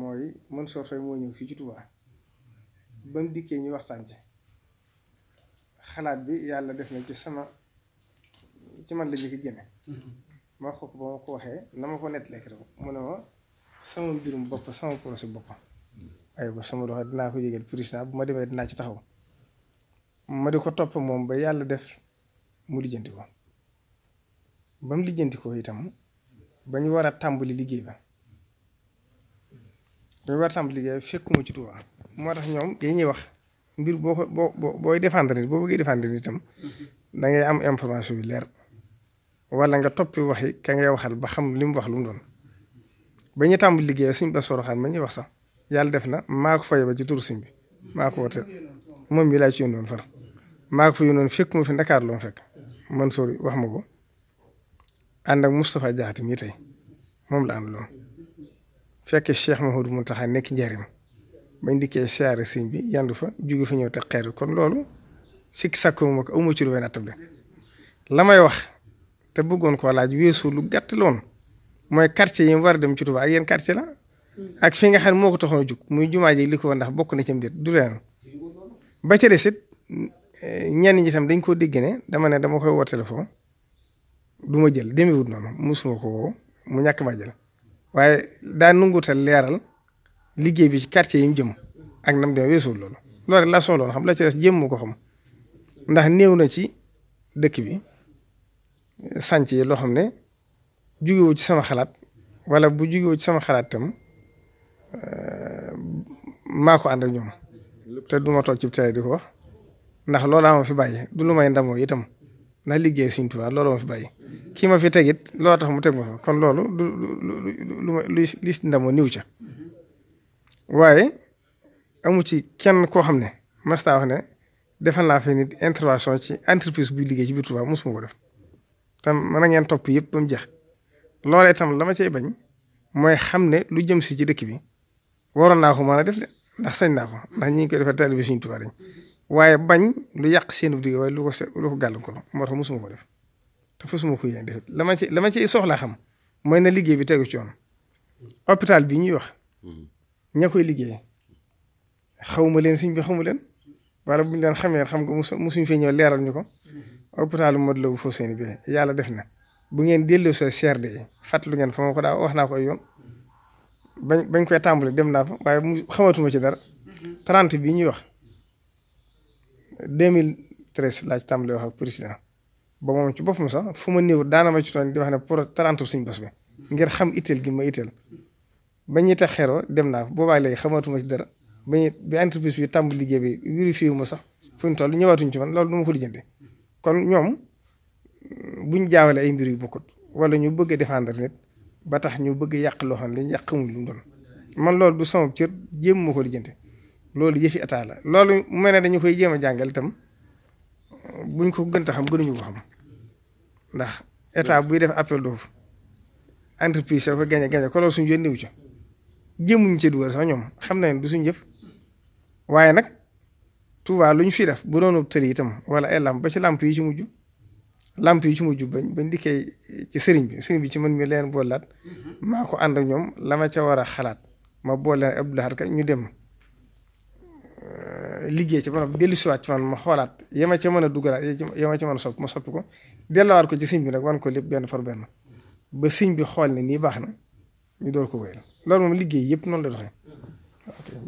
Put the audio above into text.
mooy Mansour Faye moo ñëw fii ci Touba ba mu dikkee ñu waxtaan ci xalaat bi yàlla def na ci sama ci man la jëkk génne ma wax ko ba ma ko waxee na ma ko nettalee rek mu ne ma sama mbirum bopp sama projet bopp waaye ba sama doxee dinaa ko yëgal président bu ma demee dinaa ci taxaw ma di ko topp moom ba yàlla def mu lijjanti ko ba mu lijjanti ko itam ba ñu war a tàmbali liggéey ba ba ñu war a tàmbali liggéey ba fekkuma ci Tuubaa moo tax ñoom yéen ñuy wax mbir boo ko boo boo booy défendre nit boo bëggee défendre nit itam da am information yu leer wala nga toppi yi ka ngay waxal ba xam li mu wax lu mu doon. ba ñu tàmbali liggéey ba suñ bés soroxaan ba ñuy wax sax yàlla def na maako ko fay ba ci turu suñ bi maa ko moom mi laa fa yónnoon fekk mu fi Ndakaar loo fekk man sori wax ma ko. ànd ak Moustapha Diakhaté mii tey moom la àndaloon fekkee Cheikh Mouhamadou Mountakha nekk njariñ bañ dikkee siyaare sëñ bi yandu fa jóge fa ñëw te xeer kon loolu sikki sàkku ma ko amu ci lu may may wax te bëggoon koo laaj weesu lu gàtt la mooy quartier yi mu war dem ci Touba ak yéen quartier la ak nga xam moo ko taxoon a jug muy jumaa ji li ko ndax bokk na ci mbir du leen ba ca des it eh, ñenn ñi tam dañ koo dégg ne dama ne dama koy woo téléphone. du ma jël demewut noonu mosuma ko woo mu ñàkk maa jël waaye daa nanguutal leeral liggéey bi ci quartier yi mu jëm ak nam dem weesuwul loolu loolu rek xam la ci des ko xam ndax néew na ci dëkk bi sànc yi loo ne jugewu ci sama xalaat wala bu jugewu ci sama xalaat tam euh, maa ko ànd ak ñoom te duma ma toog ci télé di ko wax ndax loolu ma fi bàyyi du lu may ndamoo itam ndax liggéey Sëriñ Tuubaa loolu ma fi bàyyi kii ma fi tegit loo tax mu teg ma fa kon loolu lu lu lu lu ndamu niw ca mm-hmm. waaye amu ci kenn koo xam ne mas naa wax ne defal naa fi nit intervention ci entreprise buy liggéey ci biir Touba mosuma ko def tam mën na ngeen topp yëpp ba mu jeex loolee la ma cay bañ mooy xam ne lu jëm si ci dëkk bi waroon naa ko mën de ndax sañ naa ko ndax ñi koy defal taalibe Sëriñ Tuubaa dañ bañ lu yàq seen liggéey waaye lu ko se lu ko moo tax mosuma ko def. te fasuma ko yéen def la ma ci la ma ci soxlaa xam mooy na liggéey bi tegu ci yoon hôpital bi ñuy wax mm-hmm. ña koy liggéey xawma leen siñ bi xawma leen wala bu ñu leen xamee xam nga musuñ fee ñëw leeral ñu ko mm-hmm. hôpital Modou Lo foofu seen bi yàlla def na bu ngeen delloo sa CRD yi fàttalu ngeen fa ma ko daa wax naa ko ay yoon mm-hmm. bañ bañ koy tàmbali dem naa fa waaye mu xamatuma ci dara trent bi ñuy wax 2013 laa ci tàmbali wax ak président ba moom ci boppam sax fu ma néew daana ma ci tooñ di wax ne pour tarantu suñ bés bi ngir xam itteel gi ma itteel ba ñuy tax xeroo dem naa boobaa léegi xamaatuma ci dara ba ñuy bi entreprise bi tàmbali liggéey bi vérifié wu ma sax fu ñu toll ñëwaatuñ ci man loolu du ma ko lijjanti kon ñoom buñ jaawale mbir yu bokkut wala ñu bëgg a défendre nit ba tax ñu bëgg yàq loo xam ne dañuy yàq xamuñ man loolu du sama cër jéem ma ko lijjanti loolu yëfi état la loolu mu ne dañu koy jéem a jàngal itam. buñ ko gënta xam gënuñu ko xam ndax état buy def appel d'offre entreprise soo ko gañe gañe ko loolu suñu yoon niw ci sax ñoom xam nañ du suñu jëf waaye nag Touba lu ñu fi def bu doonu tëri itam wala ay làmp ba ci làmp yi ci mujj làmp yi ci mujj bañ bañ dikkee ci sëriñ bi sëriñ bi ci man mi leen boolaat mhm. maa ko ànd ak ñoom la ma ca war a xalaat ma boole leen Abdou Lahad ka ñu dem liggéey ci borom dellu siwaat ci man ma xoolaat yema ca mën a dugalaat yema ca mën a sopp ma sopp ko dellawaat ko ci siñ bi nag wan ko lépp benn par benn ba sëñ bi xool ne nii baax na ñu door ko wéyal loolu moom liggéey yëpp noonu la doxee